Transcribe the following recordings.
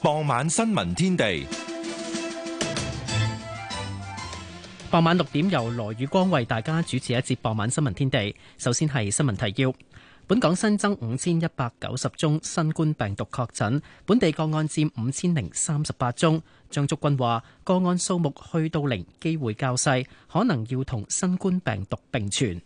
傍晚新聞天地，傍晚六點由羅宇光為大家主持一節傍晚新聞天地。首先係新聞提要，本港新增五千一百九十宗新冠病毒確診，本地個案佔五千零三十八宗。張竹君話，個案數目去到零，機會較細，可能要同新冠病毒並存。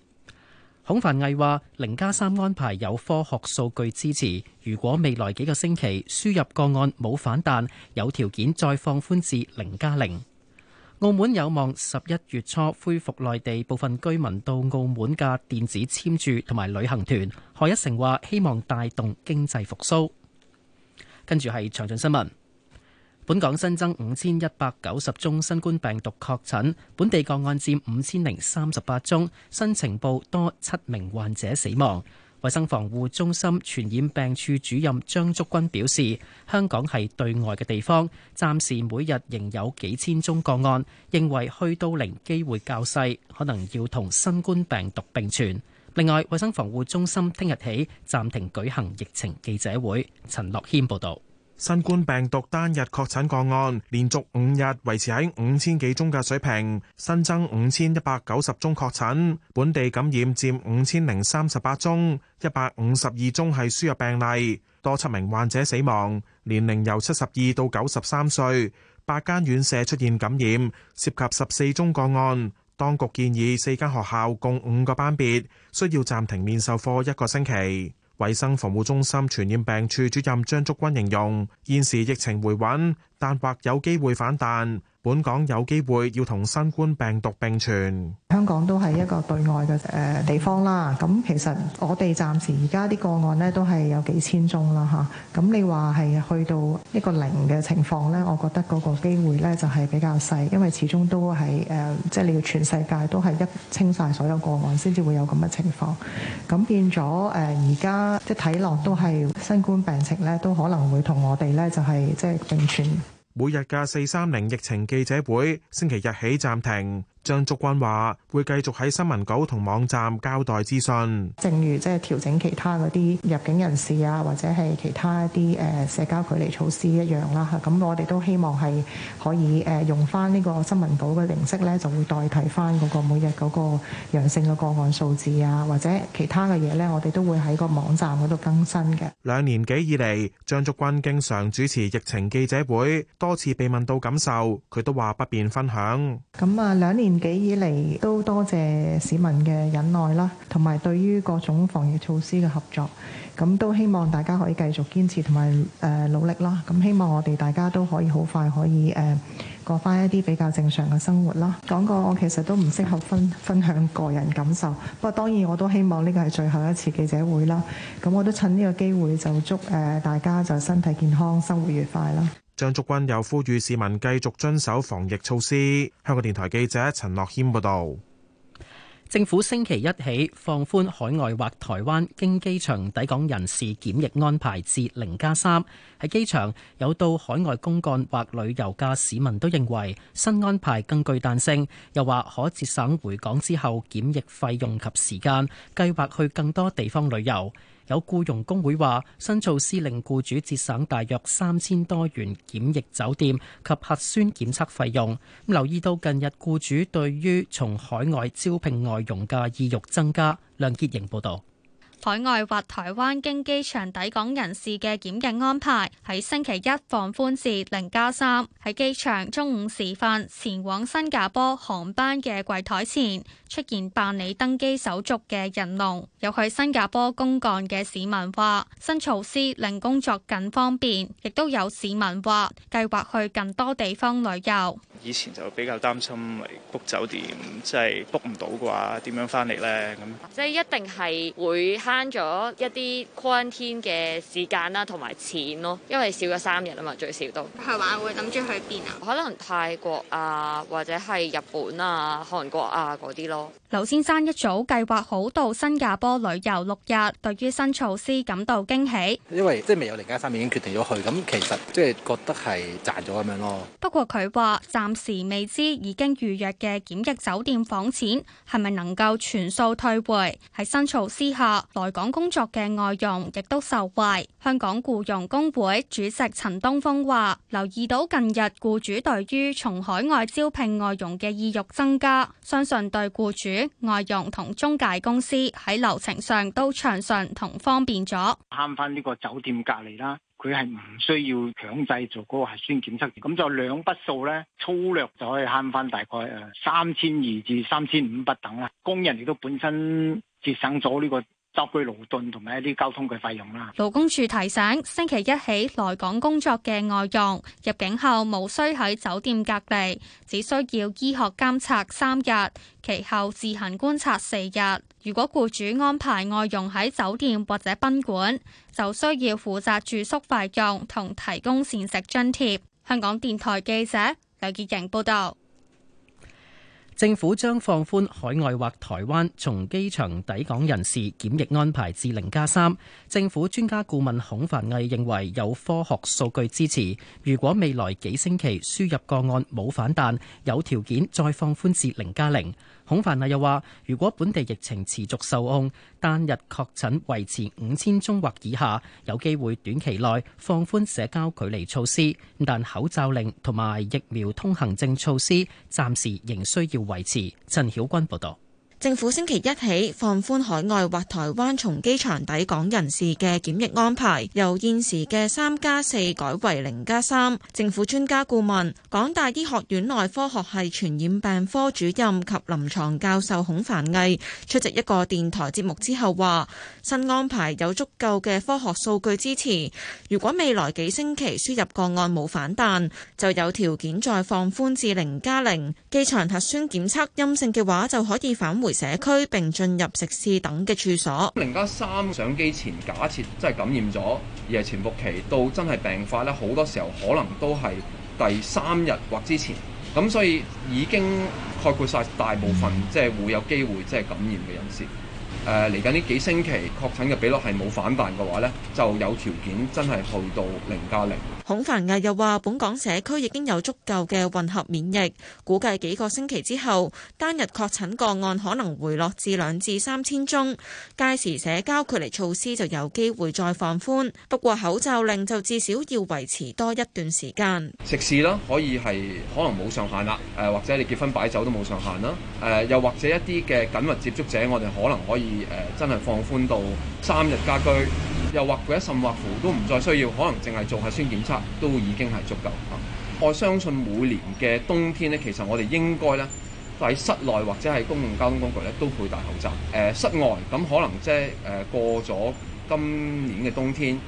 董凡毅話：零加三安排有科學數據支持，如果未來幾個星期輸入個案冇反彈，有條件再放寬至零加零。澳門有望十一月初恢復內地部分居民到澳門嘅電子簽注同埋旅行團。何一成話：希望帶動經濟復蘇。跟住係詳盡新聞。本港新增五千一百九十宗新冠病毒確診，本地個案佔五千零三十八宗，新情報，多七名患者死亡。衛生防護中心傳染病處主任張竹君表示，香港係對外嘅地方，暫時每日仍有幾千宗個案，認為去到零機會較細，可能要同新冠病毒並存。另外，衛生防護中心聽日起暫停舉行疫情記者會。陳樂軒報導。新冠病毒單日確診個案連續五日維持喺五千幾宗嘅水平，新增五千一百九十宗確診，本地感染佔五千零三十八宗，一百五十二宗係輸入病例，多七名患者死亡，年齡由七十二到九十三歲，八間院舍出現感染，涉及十四宗個案。當局建議四間學校共五個班別需要暫停面授課一個星期。衛生防護中心傳染病處主任張竹君形容，現時疫情回穩，但或有機會反彈。本港有機會要同新冠病毒並存。香港都係一個對外嘅誒地方啦。咁其實我哋暫時而家啲個案咧都係有幾千宗啦嚇。咁你話係去到一個零嘅情況咧，我覺得嗰個機會咧就係比較細，因為始終都係誒，即係，呃，就係你要全世界都係一清晒所有個案先至會有咁嘅情況。咁變咗誒，而家，呃，即係睇落都係新冠病毒咧，都可能會同我哋咧就係即係並存。每日嘅四三零疫情記者會，星期日起暫停。張竹君話：會繼續喺新聞稿同網站交代資訊，正如即係調整其他嗰啲入境人士啊，或者係其他一啲誒社交距離措施一樣啦吓。咁我哋都希望係可以誒用翻呢個新聞稿嘅形式咧，就會代替翻個每日嗰個陽性嘅個案數字啊，或者其他嘅嘢咧，我哋都會喺個網站嗰度更新嘅。兩年幾以嚟，張竹君經常主持疫情記者會，多次被問到感受，佢都話不便分享。咁啊，兩年。年幾以嚟都多謝市民嘅忍耐啦，同埋對於各種防疫措施嘅合作，咁都希望大家可以繼續堅持同埋誒努力啦。咁希望我哋大家都可以好快可以誒過返一啲比較正常嘅生活啦。講過我其實都唔適合分分享個人感受，不過當然我都希望呢個係最後一次記者會啦。咁我都趁呢個機會就祝誒大家就身體健康，生活愉快啦。張竹君又呼籲市民繼續遵守防疫措施。香港電台記者陳樂謙報道，政府星期一起放寬海外或台灣經機場抵港人士檢疫安排至零加三。喺機場有到海外公幹或旅遊嘅市民都認為新安排更具彈性，又話可節省回港之後檢疫費用及時間，計劃去更多地方旅遊。有僱傭工會話，新措施令僱主節省大約三千多元檢疫酒店及核酸檢測費用。留意到近日僱主對於從海外招聘外傭嘅意欲增加。梁潔瑩報道。海外或台灣經機場抵港人士嘅檢疫安排喺星期一放寬至零加三。喺機場中午時分前往新加坡航班嘅櫃台前出現辦理登機手續嘅人龍。有去新加坡公幹嘅市民話：新措施令工作更方便。亦都有市民話：計劃去更多地方旅遊。以前就比較擔心嚟 book 酒店即係 book 唔到啩，點樣翻嚟呢？咁即係一定係會。慳咗一啲 quarantine 嘅時間啦，同埋錢咯，因為少咗三日啊嘛，最少都係話。會諗住去邊啊？可能泰國啊，或者係日本啊、韓國啊嗰啲咯。劉先生一早計劃好到新加坡旅遊六日，對於新措施感到驚喜。因為即係未有零加三已經決定咗去，咁其實即係覺得係賺咗咁樣咯。不過佢話暫時未知已經預約嘅檢疫酒店房錢係咪能夠全數退回，喺新措施下。來港工作嘅外佣亦都受惠。香港僱傭工會主席陳東峰話，留意到近日僱主對於從海外招聘外傭嘅意欲增加，相信對僱主、外傭同中介公司喺流程上都暢順同方便咗。慳翻呢個酒店隔離啦，佢係唔需要強制做嗰個核酸檢測，咁就兩筆數咧，粗略就可以慳翻大概誒三千二至三千五不等啦。工人亦都本身節省咗呢個。作具勞頓同埋一啲交通嘅費用啦。勞工處提醒，星期一起來港工作嘅外傭入境後無需喺酒店隔離，只需要醫學監察三日，其後自行觀察四日。如果僱主安排外傭喺酒店或者賓館，就需要負責住宿費用同提供膳食津貼。香港電台記者李潔瑩報道。政府將放寬海外或台灣從機場抵港人士檢疫安排至零加三。政府專家顧問孔繁毅認為有科學數據支持，如果未來幾星期輸入個案冇反彈，有條件再放寬至零加零。孔凡娜又話，如果本地疫情持續受控，單日確診維持五千宗或以下，有機會短期內放寬社交距離措施，但口罩令同埋疫苗通行證措施暫時仍需要維持。陳曉君報道。政府星期一起放寬海外或台灣從機場抵港人士嘅檢疫安排，由現時嘅三加四改為零加三。政府專家顧問、港大醫學院內科學系傳染病科主任及臨床教授孔凡毅出席一個電台節目之後話：新安排有足夠嘅科學數據支持，如果未來幾星期輸入個案冇反彈，就有條件再放寬至零加零。機場核酸檢測陰性嘅話，就可以返回。社區並進入食肆等嘅處所。零加三，上機前假設真係感染咗，而係潛伏期到真係病發咧，好多時候可能都係第三日或之前。咁所以已經概括晒大部分即係、就是、會有機會即係、就是、感染嘅人士。誒嚟緊呢幾星期確診嘅比率係冇反彈嘅話咧，就有條件真係去到零加零。孔繁毅又話：本港社區已經有足夠嘅混合免疫，估計幾個星期之後，單日確診個案可能回落至兩至三千宗，屆時社交距離措施就有機會再放寬。不過口罩令就至少要維持多一段時間。食肆啦，可以係可能冇上限啦，誒或者你結婚擺酒都冇上限啦，誒、呃、又或者一啲嘅緊密接觸者，我哋可能可以誒、呃、真係放寬到三日家居。又或者甚或乎都唔再需要，可能淨係做核酸檢測都已經係足夠。我相信每年嘅冬天咧，其實我哋應該咧喺室內或者係公共交通工具咧都佩戴口罩。室外咁，可能即係誒，過咗今年嘅冬天。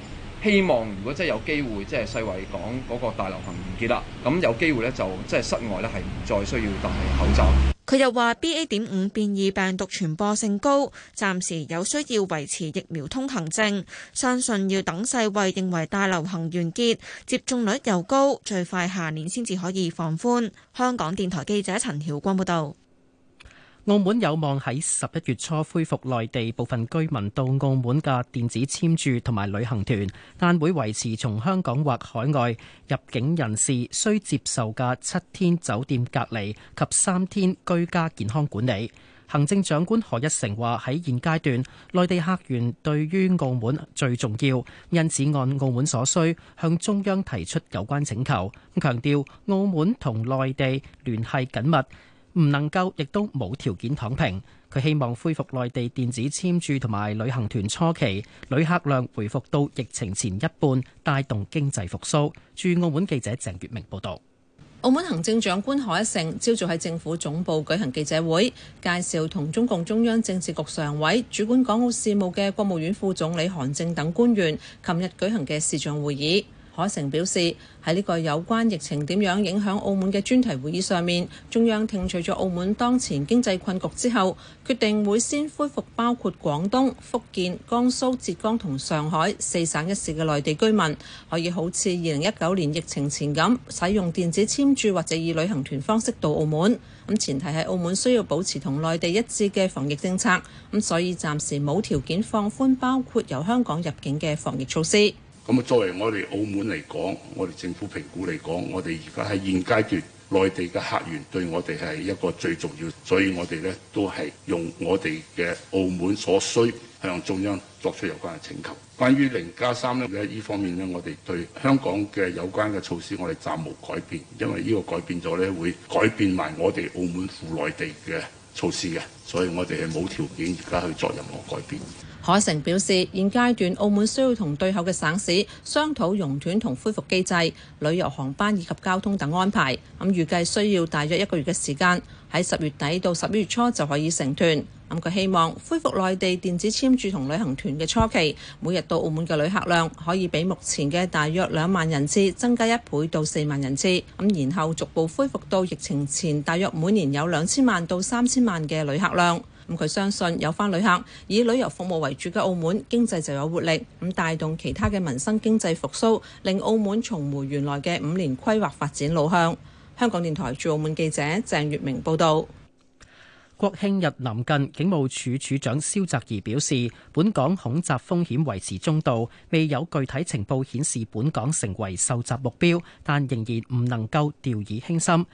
希望如果真係有機會，即係世衛講嗰個大流行完結啦，咁有機會咧就即係室外咧係唔再需要戴口罩。佢又話 BA. 點五變異病毒傳播性高，暫時有需要維持疫苗通行證，相信要等世衛認為大流行完結，接種率又高，最快下年先至可以放寬。香港電台記者陳曉光報道。澳門有望喺十一月初恢復內地部分居民到澳門嘅電子簽注同埋旅行團，但會維持從香港或海外入境人士需接受嘅七天酒店隔離及三天居家健康管理。行政長官賀一誠話：喺現階段，內地客源對於澳門最重要，因此按澳門所需向中央提出有關請求。強調澳門同內地聯繫緊密。唔能夠，亦都冇條件躺平。佢希望恢復內地電子簽注同埋旅行團初期旅客量回復到疫情前一半，帶動經濟復甦。駐澳門記者鄭月明報道，澳門行政長官賀一誠朝早喺政府總部舉行記者會，介紹同中共中央政治局常委、主管港澳事務嘅國務院副總理韓正等官員，琴日舉行嘅視像會議。海成表示喺呢個有關疫情點樣影響澳門嘅專題會議上面，中央聽取咗澳門當前經濟困局之後，決定會先恢復包括廣東、福建、江蘇、浙江同上海四省一市嘅內地居民可以好似二零一九年疫情前咁，使用電子簽注或者以旅行團方式到澳門，咁前提係澳門需要保持同內地一致嘅防疫政策，咁所以暫時冇條件放寬包括由香港入境嘅防疫措施。咁，作為我哋澳門嚟講，我哋政府評估嚟講，我哋而家喺現階段，內地嘅客源對我哋係一個最重要的，所以我哋咧都係用我哋嘅澳門所需，向中央作出有關嘅請求。關於零加三咧，依方面咧，我哋對香港嘅有關嘅措施，我哋暫無改變，因為依個改變咗咧，會改變埋我哋澳門赴內地嘅。措施嘅，所以我哋係冇條件而家去作任何改變。海城表示，現階段澳門需要同對口嘅省市商討熔斷同恢復機制、旅遊航班以及交通等安排，咁預計需要大約一個月嘅時間。喺十月底到十一月初就可以成團，咁佢希望恢復內地電子簽注同旅行團嘅初期，每日到澳門嘅旅客量可以比目前嘅大約兩萬人次增加一倍到四萬人次。咁然後逐步恢復到疫情前大約每年有兩千萬到三千萬嘅旅客量。咁佢相信有翻旅客，以旅遊服務為主嘅澳門經濟就有活力，咁帶動其他嘅民生經濟復蘇，令澳門重回原來嘅五年規劃發展路向。香港電台駐澳門記者鄭月明報道：國慶日臨近，警務處處長蕭澤頤表示，本港恐襲風險維持中度，未有具體情報顯示本港成為受襲目標，但仍然唔能夠掉以輕心。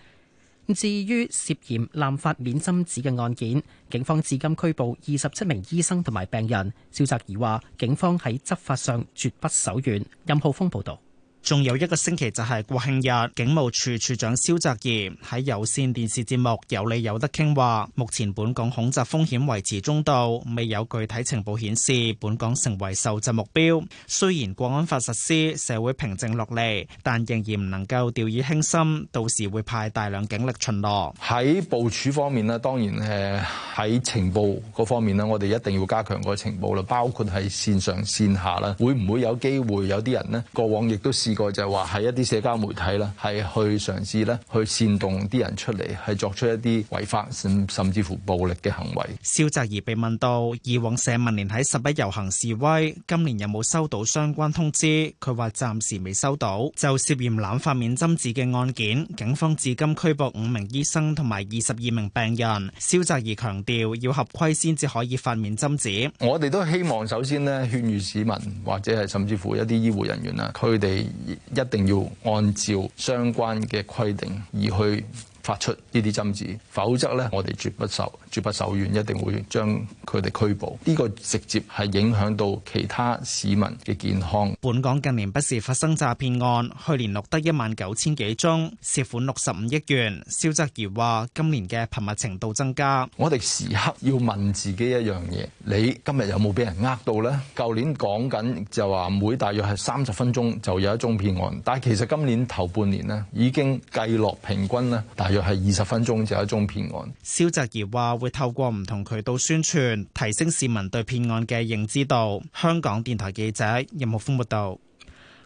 至於涉嫌濫發免針紙嘅案件，警方至今拘捕二十七名醫生同埋病人。蕭澤頤話，警方喺執法上絕不手軟。任浩峰報道。仲有一個星期就係國慶日，警務處處長蕭澤頤喺有線電視節目《有理有得傾》話，目前本港恐襲風險維持中度，未有具體情報顯示本港成為受襲目標。雖然國安法實施，社會平靜落嚟，但仍然唔能夠掉以輕心，到時會派大量警力巡邏。喺部署方面咧，當然誒喺情報嗰方面咧，我哋一定要加強個情報啦，包括係線上線下啦，會唔會有機會有啲人呢？過往亦都試。呢個就係話係一啲社交媒體啦，係去嘗試咧去煽動啲人出嚟，係作出一啲違法甚甚至乎暴力嘅行為。蕭澤怡被問到以往社民連喺十一遊行示威，今年有冇收到相關通知？佢話暫時未收到。就涉嫌濫發免針紙嘅案件，警方至今拘捕五名醫生同埋二十二名病人。蕭澤怡強調，要合規先至可以發免針紙。我哋都希望首先呢，勸喻市民或者係甚至乎一啲醫護人員啦，佢哋。一定要按照相關嘅規定而去。發出呢啲針子，否則呢，我哋絕不受絕不手軟，一定會將佢哋拘捕。呢、這個直接係影響到其他市民嘅健康。本港近年不時發生詐騙案，去年錄得一萬九千幾宗，涉款六十五億元。蕭澤怡話：今年嘅頻密程度增加。我哋時刻要問自己一樣嘢，你今日有冇俾人呃到呢？舊年講緊就話每大約係三十分鐘就有一宗騙案，但係其實今年頭半年呢已經計落平均咧。約係二十分鐘就一宗騙案，蕭澤怡話會透過唔同渠道宣傳，提升市民對騙案嘅認知度。香港電台記者任木峰報道。有有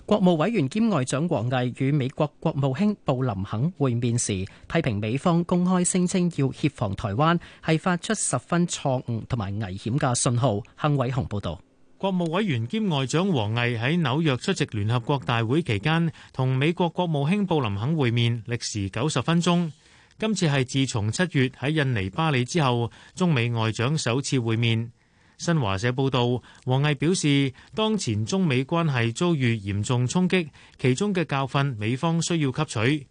國務委員兼外長王毅與美國國務卿布林肯會面時，批評美方公開聲稱要協防台灣，係發出十分錯誤同埋危險嘅信號。亨偉雄報道。國務委員兼外長王毅喺紐約出席聯合國大會期間，同美國國務卿布林肯會面，歷時九十分鐘。今次係自從七月喺印尼巴厘之後，中美外長首次會面。新華社報道，王毅表示，當前中美關係遭遇嚴重衝擊，其中嘅教訓美方需要吸取。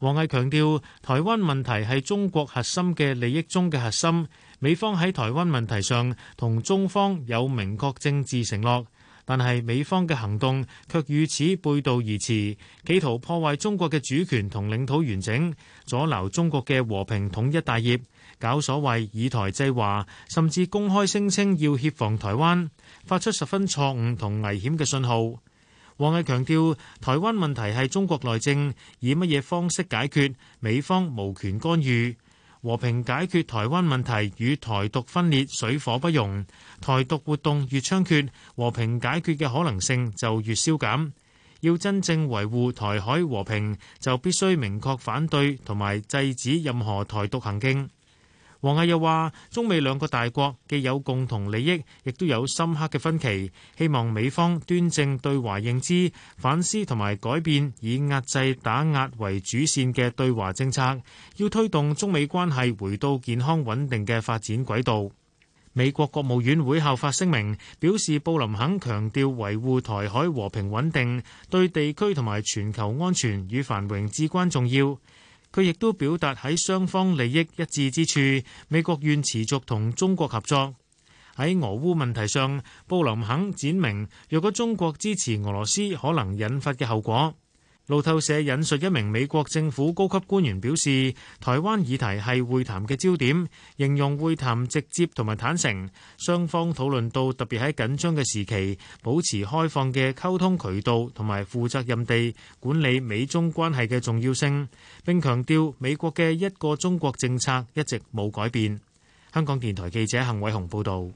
王毅強調，台灣問題係中國核心嘅利益中嘅核心。美方喺台灣問題上同中方有明確政治承諾，但係美方嘅行動卻與此背道而馳，企圖破壞中國嘅主權同領土完整，阻撓中國嘅和平統一大業，搞所謂以台制華，甚至公開聲稱要協防台灣，發出十分錯誤同危險嘅信號。王毅強調，台灣問題係中國內政，以乜嘢方式解決，美方無權干預。和平解決台灣問題與台獨分裂水火不容。台獨活動越猖獗，和平解決嘅可能性就越消減。要真正維護台海和平，就必須明確反對同埋制止任何台獨行徑。王毅又話：中美兩個大國既有共同利益，亦都有深刻嘅分歧。希望美方端正對華認知，反思同埋改變以壓制打壓為主線嘅對華政策，要推動中美關係回到健康穩定嘅發展軌道。美國國務院會後發聲明，表示布林肯強調維護台海和平穩定，對地區同埋全球安全與繁榮至關重要。佢亦都表達喺雙方利益一致之處，美國願持續同中國合作。喺俄烏問題上，布林肯展明若果中國支持俄羅斯，可能引發嘅後果。路透社引述一名美國政府高級官員表示，台灣議題係會談嘅焦點，形容會談直接同埋坦誠，雙方討論到特別喺緊張嘅時期保持開放嘅溝通渠道同埋負責任地管理美中關係嘅重要性。並強調美國嘅一個中國政策一直冇改變。香港電台記者陳偉雄報道。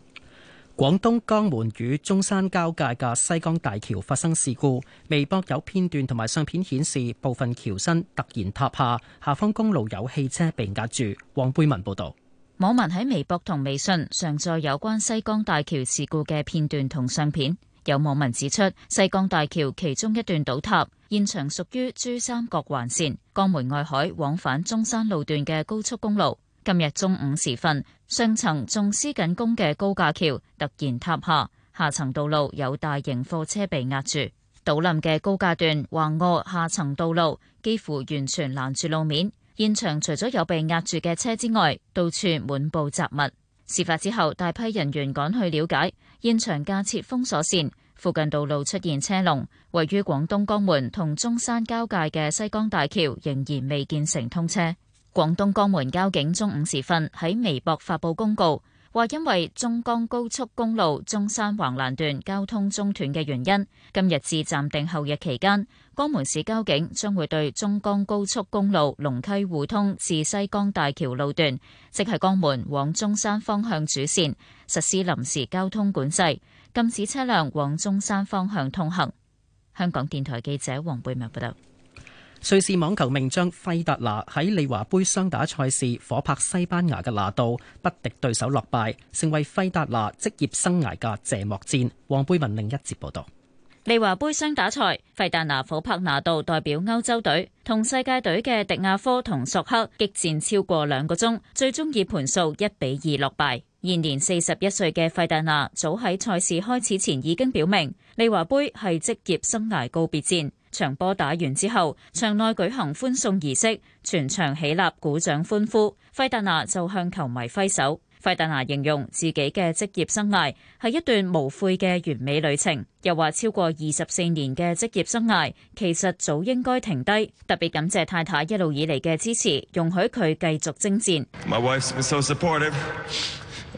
廣東江門與中山交界嘅西江大橋發生事故，微博有片段同埋相片顯示部分橋身突然塌下，下方公路有汽車被壓住。黃貝文報道。網民喺微博同微信上載有關西江大橋事故嘅片段同相片，有網民指出西江大橋其中一段倒塌，現場屬於珠三角環線江門外海往返中山路段嘅高速公路。今日中午時分，上層仲施緊工嘅高架橋突然塌下，下層道路有大型貨車被壓住，倒冧嘅高架段橫臥下層道路，幾乎完全攔住路面。現場除咗有被壓住嘅車之外，到處滿布雜物。事發之後，大批人員趕去了解，現場架設封鎖線，附近道路出現車龍。位於廣東江門同中山交界嘅西江大橋仍然未建成通車。廣東江門交警中午時分喺微博發布公告，話因為中江高速公路中山橫欄段交通中斷嘅原因，今日至暫定後日期間，江門市交警將會對中江高速公路龍溪互通至西江大橋路段，即係江門往中山方向主線實施臨時交通管制，禁止車輛往中山方向通行。香港電台記者黃貝文報道。瑞士網球名將費達拿喺利華杯雙打賽事夥拍西班牙嘅拿度，不敵對手落敗，成為費達拿職業生涯嘅謝幕戰。黃貝文另一節報導：利華杯雙打賽，費達拿夥拍拿度代表歐洲隊，同世界隊嘅迪亞科同索克激戰超過兩個鐘，最終以盤數一比二落敗。現年四十一歲嘅費達拿早喺賽事開始前已經表明，利華杯係職業生涯告別戰。長波打完之後，場內舉行歡送儀式，全場起立鼓掌歡呼，費達拿就向球迷揮手。費達拿形容自己嘅職業生涯係一段無悔嘅完美旅程，又話超過二十四年嘅職業生涯其實早應該停低，特別感謝太太一路以嚟嘅支持，容許佢繼續征戰。My wife is so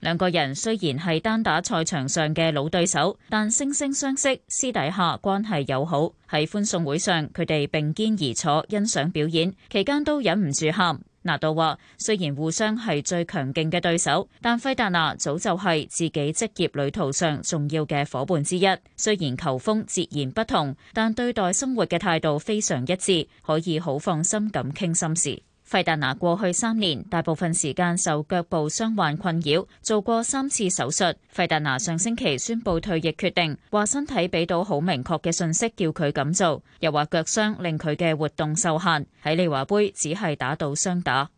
兩個人雖然係單打賽場上嘅老對手，但惺惺相惜，私底下關係友好。喺歡送會上，佢哋並肩而坐，欣賞表演，期間都忍唔住喊。拿度話：雖然互相係最強勁嘅對手，但費達拿早就係自己職業旅途上重要嘅伙伴之一。雖然球風截然不同，但對待生活嘅態度非常一致，可以好放心咁傾心事。費達拿過去三年大部分時間受腳部傷患困擾，做過三次手術。費達拿上星期宣布退役決定，話身體俾到好明確嘅信息，叫佢咁做，又話腳傷令佢嘅活動受限，喺利華杯只係打到雙打。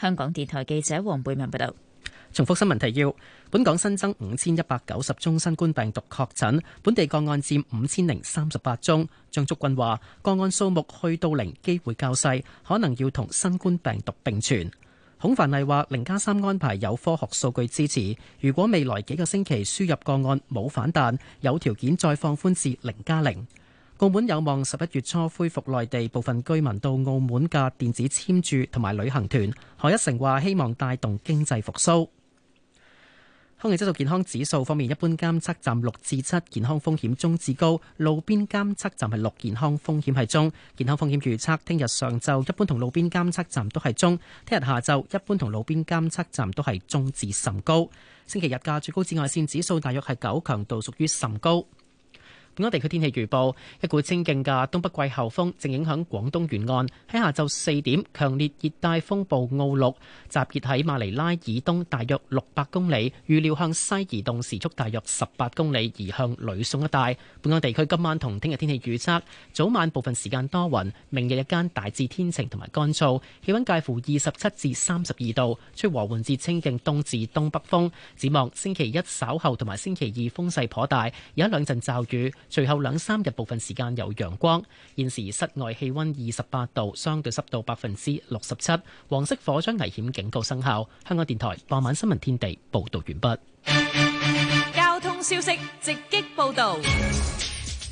香港電台記者黃貝文報道。重複新聞提要：本港新增五千一百九十宗新冠病毒確診，本地個案佔五千零三十八宗。張竹君話：個案數目去到零，機會較細，可能要同新冠病毒並存。孔繁麗話：零加三安排有科學數據支持，如果未來幾個星期輸入個案冇反彈，有條件再放寬至零加零。澳門有望十一月初恢復內地部分居民到澳門嘅電子簽注同埋旅行團。何一成話：希望帶動經濟復甦。空氣質素健康指數方面，一般監測站六至七，健康風險中至高；路邊監測站係六，健康風險係中。健康風險預測，聽日上晝一般同路邊監測站都係中；聽日下晝一般同路邊監測站都係中至甚高。星期日嘅最高紫外線指數大約係九，強度屬於甚高。本港地區天氣預報，一股清勁嘅東北季候風正影響廣東沿岸。喺下晝四點強烈熱帶風暴奧陸集結喺馬尼拉以東大約六百公里，預料向西移動時速大約十八公里，移向呂宋一帶。本港地區今晚同聽日天氣預測，早晚部分時間多雲，明日一間大致天晴同埋乾燥，氣溫介乎二十七至三十二度，吹和緩至清勁東至東北風，展望星期一稍後同埋星期二風勢頗大，有一兩陣驟雨。隨後兩三日部分時間有陽光，現時室外氣温二十八度，相對濕度百分之六十七，黃色火災危險警告生效。香港電台傍晚新聞天地報道完畢。交通消息直擊報道。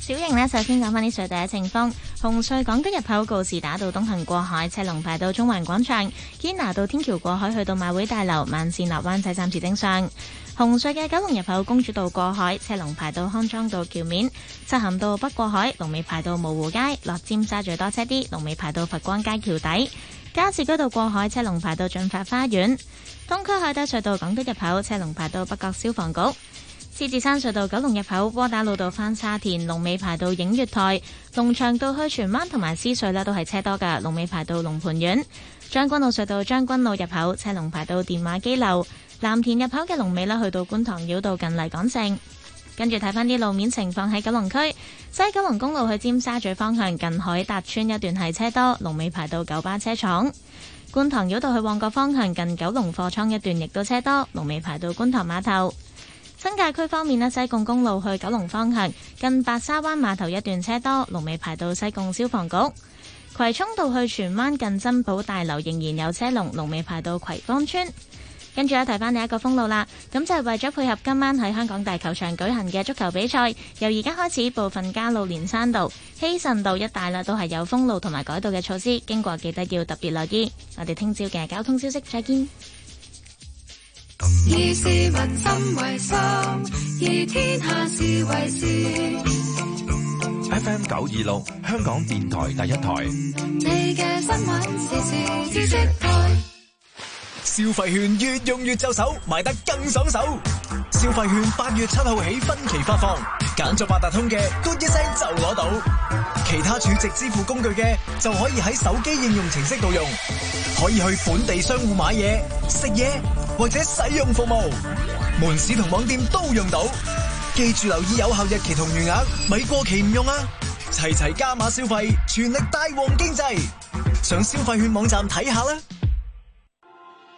小瑩呢，首先講翻啲隧道嘅情況。紅隧港島入口告士打道東行過海，車龍排到中環廣場；堅拿道天橋過海去到馬會大樓。慢線落灣仔暫時正常。紅隧嘅九龍入口公主道過海，車龍排到康莊道橋面，漆咸道北過海，龍尾排到蕪湖街。落尖沙咀多車啲，龍尾排到佛光街橋底。加士居道過海，車龍排到駿發花園。東區海底隧道港島入口，車龍排到北角消防局。獅子山隧道九龍入口，窩打老道翻沙田，龍尾排到映月台；龍翔道去荃灣同埋獅隧咧，都係車多噶。龍尾排到龍盤苑。將軍澳隧道將軍澳入口，車龍排到電話機樓。藍田入口嘅龍尾咧，去到觀塘繞道近麗港城。跟住睇翻啲路面情況喺九龍區，西九龍公路去尖沙咀方向近海達村一段係車多，龍尾排到九巴車廠。觀塘繞道去旺角方向近九龍貨倉一段亦都車多，龍尾排到觀塘碼頭。新界區方面咧，西貢公路去九龍方向近白沙灣碼頭一段車多，龍尾排到西貢消防局；葵涌道去荃灣近珍寶大樓仍然有車龍，龍尾排到葵芳村。跟住咧，提翻你一個封路啦，咁就係為咗配合今晚喺香港大球場舉行嘅足球比賽，由而家開始部分加路連山道、希慎道一帶啦，都係有封路同埋改道嘅措施，經過記得要特別留意。我哋聽朝嘅交通消息，再見。以市民心為心，以天下事為事。FM 九二六，香港電台第一台。 你嘅新聞時事知識台， 消費券越用越就手，買得更爽手。消費券八月七號起分期發放。揀咗八達通嘅，嘟一聲就攞到，其他儲值支付工具嘅，就可以喺手機應用程式度用，可以去本地商戶買嘢、食嘢或者使用服務，門市同網店都用到。記住留意有效日期同餘額，咪過期唔用啊！齊齊加碼消費，全力帶旺經濟，上消費券網站睇下啦！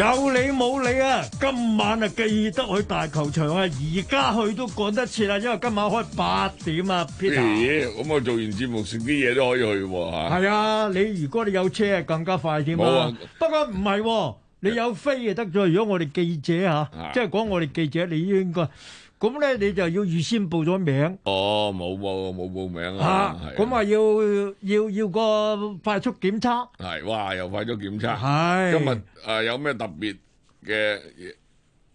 有你冇你啊！今晚啊，記得去大球場啊！而家去都趕得切啦，因為今晚開八點啊，Peter。咁我、欸欸嗯、做完節目食啲嘢都可以去喎、啊、係啊，你如果你有車啊，更加快啲啦、啊。啊、不過唔係、啊，你有飛啊得咗。嗯、如果我哋記者啊，即係講我哋記者，你應該。咁咧，你就要預先報咗名。哦，冇冇冇報名啊！咁啊，要要要個快速檢測。係哇，又快速檢測。係今日啊，有咩特別嘅？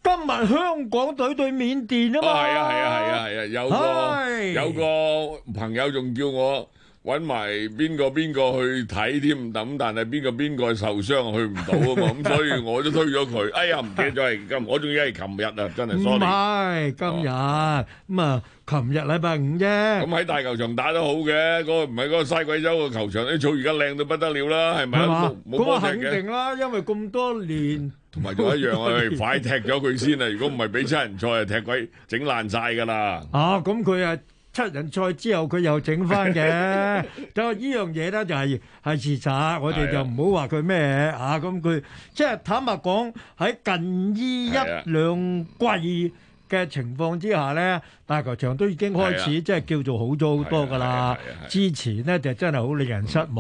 今日香港隊對緬甸啊嘛。係啊係啊係啊係啊，有個有個朋友仲叫我。揾埋邊個邊個去睇添？咁但係邊個邊個受傷去唔到啊嘛？咁所以我都推咗佢。哎呀，唔記得咗係今，我仲係琴日啊！真係 Sorry，唔係今日咁啊？琴日禮拜五啫。咁喺大球場打都好嘅，嗰個唔係嗰個西鬼洲嘅球場，啲草而家靚到不得了啦，係咪啊？嗰個肯定啦，因為咁多年。同埋仲一樣啊，快踢咗佢先啊！如果唔係俾七人賽，踢鬼整爛曬㗎啦。啊，咁佢係。七人賽之後佢又整翻嘅，就啊呢樣嘢咧，就係係事實，我哋就唔好話佢咩啊，咁佢即係坦白講，喺近依一兩季嘅情況之下咧，大球場都已經開始的即係叫做好咗好多㗎啦，之前咧就真係好令人失望。嗯